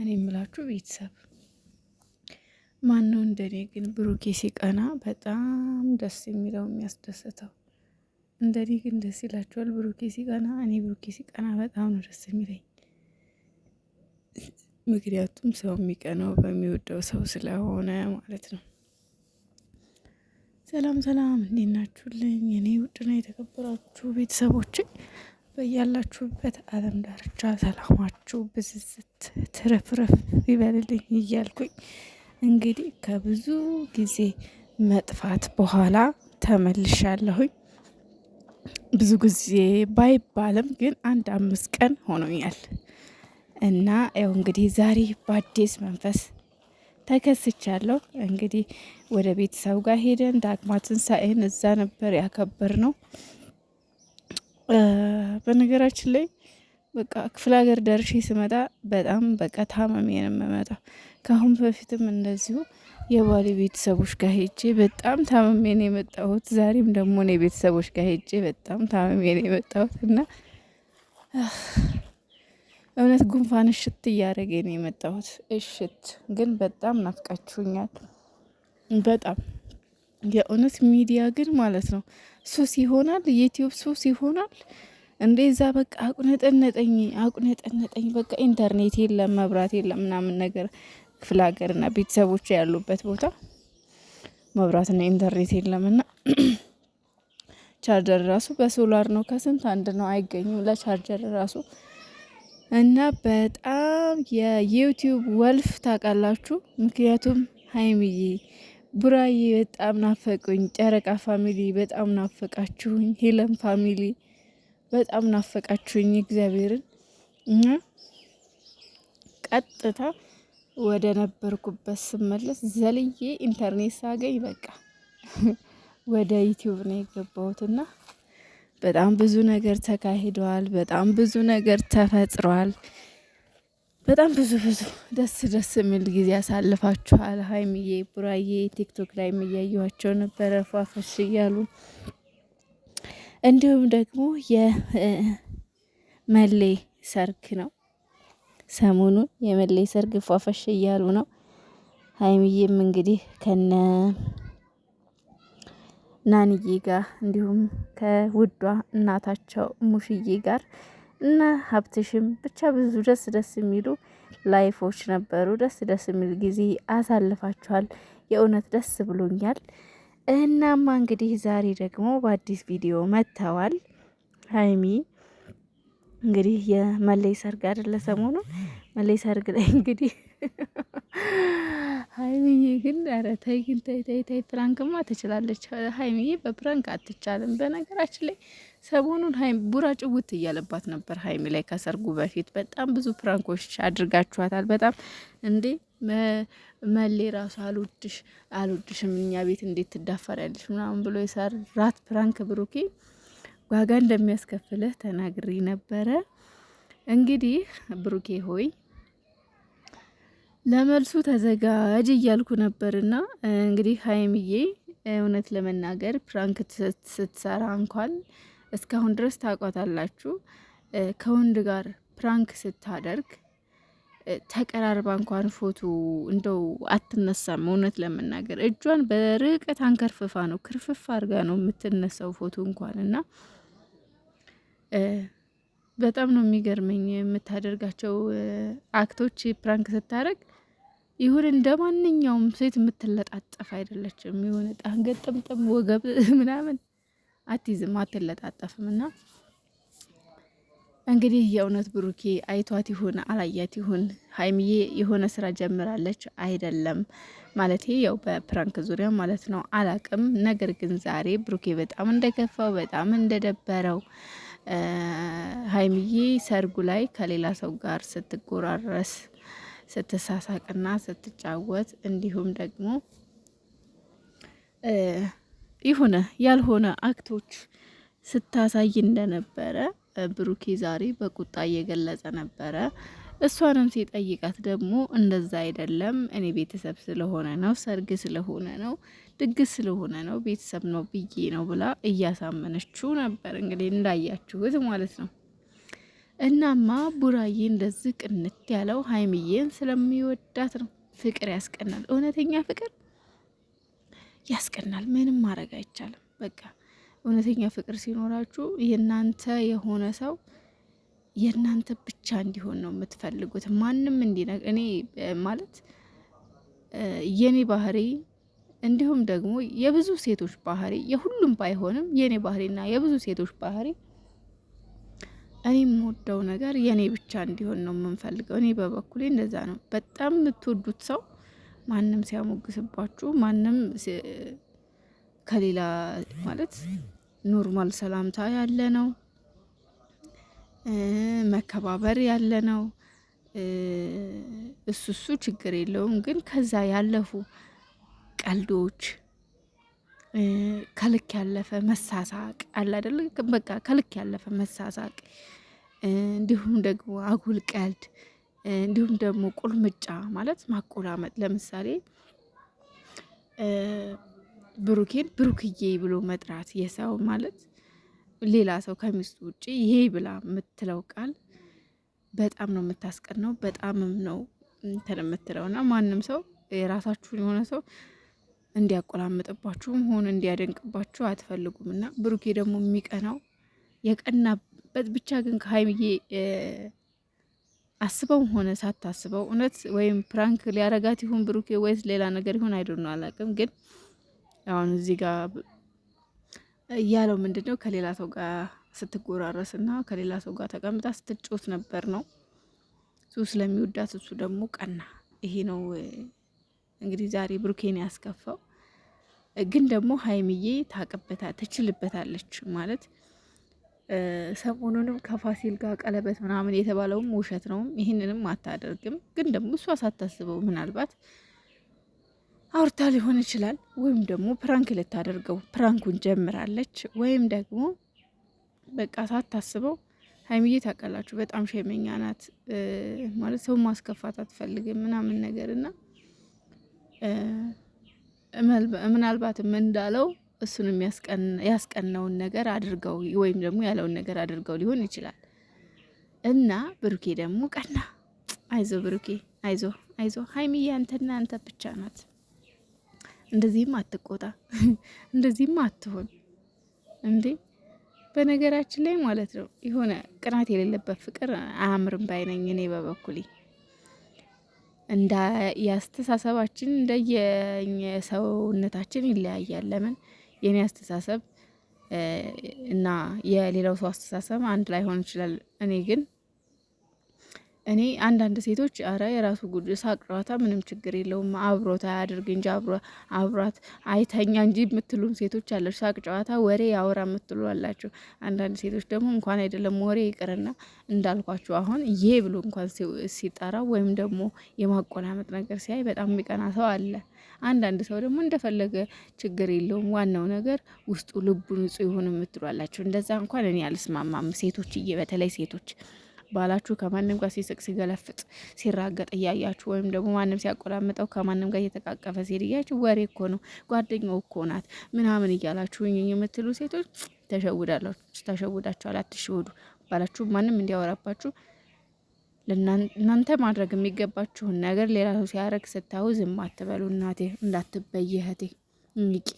እኔ የምላችሁ ቤተሰብ ማን ነው እንደኔ ግን ብሩኬ ሲቀና በጣም ደስ የሚለው የሚያስደስተው። እንደኔ ግን ደስ ይላችኋል ብሩኬ ሲቀና? እኔ ብሩኬ ሲቀና በጣም ነው ደስ የሚለኝ። ምክንያቱም ሰው የሚቀናው በሚወደው ሰው ስለሆነ ማለት ነው። ሰላም ሰላም፣ እንዴት ናችሁልኝ? እኔ ውድና የተከበራችሁ ቤተሰቦች በያላችሁበት ዓለም ዳርቻ ሰላማችሁ ብዝዝት ትረፍረፍ ይበልልኝ እያልኩኝ እንግዲህ ከብዙ ጊዜ መጥፋት በኋላ ተመልሻለሁኝ። ብዙ ጊዜ ባይባልም ግን አንድ አምስት ቀን ሆኖኛል እና ያው እንግዲህ ዛሬ በአዲስ መንፈስ ተከስቻለሁ። እንግዲህ ወደ ቤተሰብ ጋር ሄደን ዳግማ ሳይን እዛ ነበር ያከበር ነው በነገራችን ላይ በቃ ክፍለ ሀገር ደርሼ ስመጣ በጣም በቃ ታመሜ ነው የምመጣው። ከአሁን በፊትም እንደዚሁ የባሌ ቤተሰቦች ጋር ሄጄ በጣም ታመሜ ነው የመጣሁት። ዛሬም ደግሞ እኔ ቤተሰቦች ጋር ሄጄ በጣም ታመሜ ነው የመጣሁት እና እውነት ጉንፋን እሽት እያደረገ ነው የመጣሁት። እሽት ግን በጣም ናፍቃችሁኛል። በጣም የእውነት ሚዲያ ግን ማለት ነው ሱስ ይሆናል፣ ዩቲዩብ ሱስ ይሆናል። እንደዛ በቃ አቁነጠነጠኝ አቁነጠነጠኝ። በቃ ኢንተርኔት የለም መብራት የለም ምናምን ነገር ክፍለ ሀገርና ቤተሰቦች ያሉበት ቦታ መብራትና ኢንተርኔት የለምና ቻርጀር ራሱ በሶላር ነው፣ ከስንት አንድ ነው፣ አይገኝም ለቻርጀር ራሱ እና በጣም የዩቲዩብ ወልፍ ታውቃላችሁ። ምክንያቱም ሀይሚዬ ቡራዬ በጣም ናፈቁኝ። ጨረቃ ፋሚሊ በጣም ናፈቃችሁኝ። ሄለን ፋሚሊ በጣም ናፈቃችሁኝ። እግዚአብሔርን እና ቀጥታ ወደ ነበርኩበት ስመለስ ዘልዬ ኢንተርኔት ሳገኝ በቃ ወደ ዩቲዩብ ነው የገባሁትና በጣም ብዙ ነገር ተካሂደዋል። በጣም ብዙ ነገር ተፈጥሯል። በጣም ብዙ ብዙ ደስ ደስ የሚል ጊዜ ያሳልፋችኋል። ሀይሚዬ ቡራዬ ቲክቶክ ላይ የሚያየኋቸው ነበረ ፏፈሽ እያሉ እንዲሁም ደግሞ የመሌ ሰርግ ነው። ሰሞኑን የመሌ ሰርግ ፏፈሽ እያሉ ነው። ሀይሚዬም እንግዲህ ከነ ናንዬ ጋር እንዲሁም ከውዷ እናታቸው ሙሽዬ ጋር እና ሀብትሽም ብቻ ብዙ ደስ ደስ የሚሉ ላይፎች ነበሩ። ደስ ደስ የሚል ጊዜ አሳልፋችኋል። የእውነት ደስ ብሎኛል። እናማ እንግዲህ ዛሬ ደግሞ በአዲስ ቪዲዮ መጥተዋል። ሀይሚ እንግዲህ የመለይ ሰርግ አይደለ ሰሞኑን መለይ ሰርግ ላይ እንግዲህ ሀይሚዬ ግን ኧረ ተይ ግን ተይ ተይ ተይ፣ ፕራንክማ ትችላለች ሀይሚዬ። በፕራንክ አትቻልም። በነገራችን ላይ ሰሞኑን ሀይ ቡራ ጭውት እያለባት ነበር። ሀይሚ ላይ ከሰርጉ በፊት በጣም ብዙ ፕራንኮች አድርጋችኋታል። በጣም እንዴ መሌ ራሱ አልወድሽ አልወድሽም እኛ ቤት እንዴት ትዳፈሪያለሽ ምናምን ብሎ የሰራት ፕራንክ ብሩኬ ዋጋ እንደሚያስከፍልህ ተናግሪ ነበረ። እንግዲህ ብሩኬ ሆይ ለመልሱ ተዘጋጅ እያልኩ ነበርና እንግዲህ ሀይምዬ እውነት ለመናገር ፕራንክ ስትሰራ እንኳን እስካሁን ድረስ ታቋታላችሁ ከወንድ ጋር ፕራንክ ስታደርግ ተቀራርባ እንኳን ፎቶ እንደው አትነሳም። እውነት ለመናገር እጇን በርቀት አንከርፍፋ ነው ክርፍፍ አድርጋ ነው የምትነሳው ፎቶ እንኳን እና በጣም ነው የሚገርመኝ የምታደርጋቸው አክቶች ፕራንክ ስታደርግ ይሁን እንደ ማንኛውም ሴት የምትለጣጠፍ አይደለችም። የሆነ ጣንገት ጥምጥም ወገብ ምናምን አትይዝም፣ አትለጣጠፍም። እና እንግዲህ የእውነት ብሩኬ አይቷት ይሁን አላያት ይሁን ሀይሚዬ የሆነ ስራ ጀምራለች አይደለም ማለት ያው በፕራንክ ዙሪያ ማለት ነው፣ አላቅም። ነገር ግን ዛሬ ብሩኬ በጣም እንደከፋው በጣም እንደደበረው ሀይሚዬ ሰርጉ ላይ ከሌላ ሰው ጋር ስትጎራረስ ስትሳሳቅና ስትጫወት እንዲሁም ደግሞ የሆነ ያልሆነ አክቶች ስታሳይ እንደነበረ ብሩኬ ዛሬ በቁጣ እየገለጸ ነበረ። እሷንም ሲጠይቃት ደግሞ እንደዛ አይደለም፣ እኔ ቤተሰብ ስለሆነ ነው፣ ሰርግ ስለሆነ ነው፣ ድግስ ስለሆነ ነው፣ ቤተሰብ ነው ብዬ ነው ብላ እያሳመነችው ነበር። እንግዲህ እንዳያችሁት ማለት ነው። እናማ ቡራዬ እንደዚህ ቅንት ያለው ሀይሚዬን ስለሚወዳት ነው። ፍቅር ያስቀናል። እውነተኛ ፍቅር ያስቀናል። ምንም ማድረግ አይቻልም። በቃ እውነተኛ ፍቅር ሲኖራችሁ የእናንተ የሆነ ሰው የእናንተ ብቻ እንዲሆን ነው የምትፈልጉት። ማንም እንዲነ እኔ ማለት የኔ ባህሪ እንዲሁም ደግሞ የብዙ ሴቶች ባህሪ የሁሉም ባይሆንም የኔ ባህሪና የብዙ ሴቶች ባህሪ እኔ የምወደው ነገር የእኔ ብቻ እንዲሆን ነው የምንፈልገው። እኔ በበኩሌ እንደዛ ነው። በጣም የምትወዱት ሰው ማንም ሲያሞግስባችሁ፣ ማንም ከሌላ ማለት ኖርማል ሰላምታ ያለ ነው መከባበር ያለ ነው። እሱ እሱ ችግር የለውም። ግን ከዛ ያለፉ ቀልዶች ከልክ ያለፈ መሳሳቅ አለ አይደለ? በቃ ከልክ ያለፈ መሳሳቅ እንዲሁም ደግሞ አጉል ቀልድ እንዲሁም ደግሞ ቁልምጫ ማለት ማቆላመጥ። ለምሳሌ ብሩኬን ብሩክዬ ብሎ መጥራት የሰው ማለት ሌላ ሰው ከሚስቱ ውጭ ይሄ ብላ የምትለው ቃል በጣም ነው ነው በጣምም ነው እንትን የምትለው እና ማንም ሰው የራሳችሁን የሆነ ሰው እንዲያቆላምጥባችሁም ሆን እንዲያደንቅባችሁ አትፈልጉም። እና ብሩኬ ደግሞ የሚቀናው የቀናበት ብቻ ግን ከሀይምዬ አስበው ሆነ ሳታስበው እውነት ወይም ፕራንክ ሊያረጋት ይሁን ብሩኬ ወይስ ሌላ ነገር ይሁን አይዶን ነው አላውቅም። ግን አሁን እዚህ ጋር እያለው ምንድን ነው ከሌላ ሰው ጋር ስትጎራረስ እና ከሌላ ሰው ጋር ተቀምጣ ስትጮት ነበር ነው እሱ ስለሚወዳት እሱ ደግሞ ቀና። ይሄ ነው እንግዲህ ዛሬ ብሩኬን ያስከፋው። ግን ደግሞ ሀይምዬ ታቅበታ ትችልበታለች ማለት ሰሞኑንም ከፋሲል ጋር ቀለበት ምናምን የተባለውም ውሸት ነው። ይህንንም አታደርግም። ግን ደግሞ እሷ ሳታስበው ምናልባት አውርታ ሊሆን ይችላል። ወይም ደግሞ ፕራንክ ልታደርገው ፕራንኩን ጀምራለች። ወይም ደግሞ በቃ ሳታስበው ሀይሚዬ ታውቃላችሁ፣ በጣም ሸመኛ ናት ማለት ሰው ማስከፋት አትፈልግም ምናምን ነገር እና ምናልባትም እንዳለው እሱንም ያስቀናውን ነገር አድርገው ወይም ደግሞ ያለውን ነገር አድርገው ሊሆን ይችላል እና ብሩኬ ደግሞ ቀና። አይዞ ብሩኬ፣ አይዞ አይዞ። ሀይሚ አንተና አንተ ብቻ ናት። እንደዚህም አትቆጣ፣ እንደዚህም አትሆን እንዴ። በነገራችን ላይ ማለት ነው የሆነ ቅናት የሌለበት ፍቅር አያምርም ባይነኝ እኔ በበኩሌ እንዳ የአስተሳሰባችን የሰውነታችን ይለያያል። ለምን የኔ አስተሳሰብ እና የሌላው ሰው አስተሳሰብ አንድ ላይ ሆን ይችላል። እኔ ግን እኔ አንዳንድ ሴቶች አረ የራሱ ጉድ ሳቅ ጨዋታ ምንም ችግር የለውም አብሮት አያድርግ እንጂ አብሯት አይተኛ እንጂ የምትሉም ሴቶች አለች። ሳቅ ጨዋታ ወሬ ያወራ የምትሉ አላቸው። አንዳንድ ሴቶች ደግሞ እንኳን አይደለም ወሬ ይቅርና እንዳልኳቸው አሁን ይሄ ብሎ እንኳን ሲጠራ ወይም ደግሞ የማቆላመጥ ነገር ሲያይ በጣም የሚቀና ሰው አለ። አንዳንድ ሰው ደግሞ እንደፈለገ ችግር የለውም ዋናው ነገር ውስጡ ልቡ ንጹሕ ይሁን የምትሉ አላቸው። እንደዛ እንኳን እኔ አልስማማም። ሴቶችዬ፣ በተለይ ሴቶች ባላችሁ ከማንም ጋር ሲስቅ፣ ሲገለፍጥ፣ ሲራገጥ እያያችሁ ወይም ደግሞ ማንም ሲያቆላምጠው ከማንም ጋር እየተቃቀፈ ሲሄድ እያችሁ ወሬ እኮ ነው ጓደኛው እኮ ናት ምናምን እያላችሁ የምትሉ ሴቶች ተሸውዳላችሁ፣ ተሸውዳችኋል። አትሸወዱ። ባላችሁ ማንም እንዲያወራባችሁ እናንተ ማድረግ የሚገባችሁን ነገር ሌላ ሰው ሲያደርግ ስታዩ ዝም አትበሉ። እናቴ እንዳትበይ እህቴ ንቂ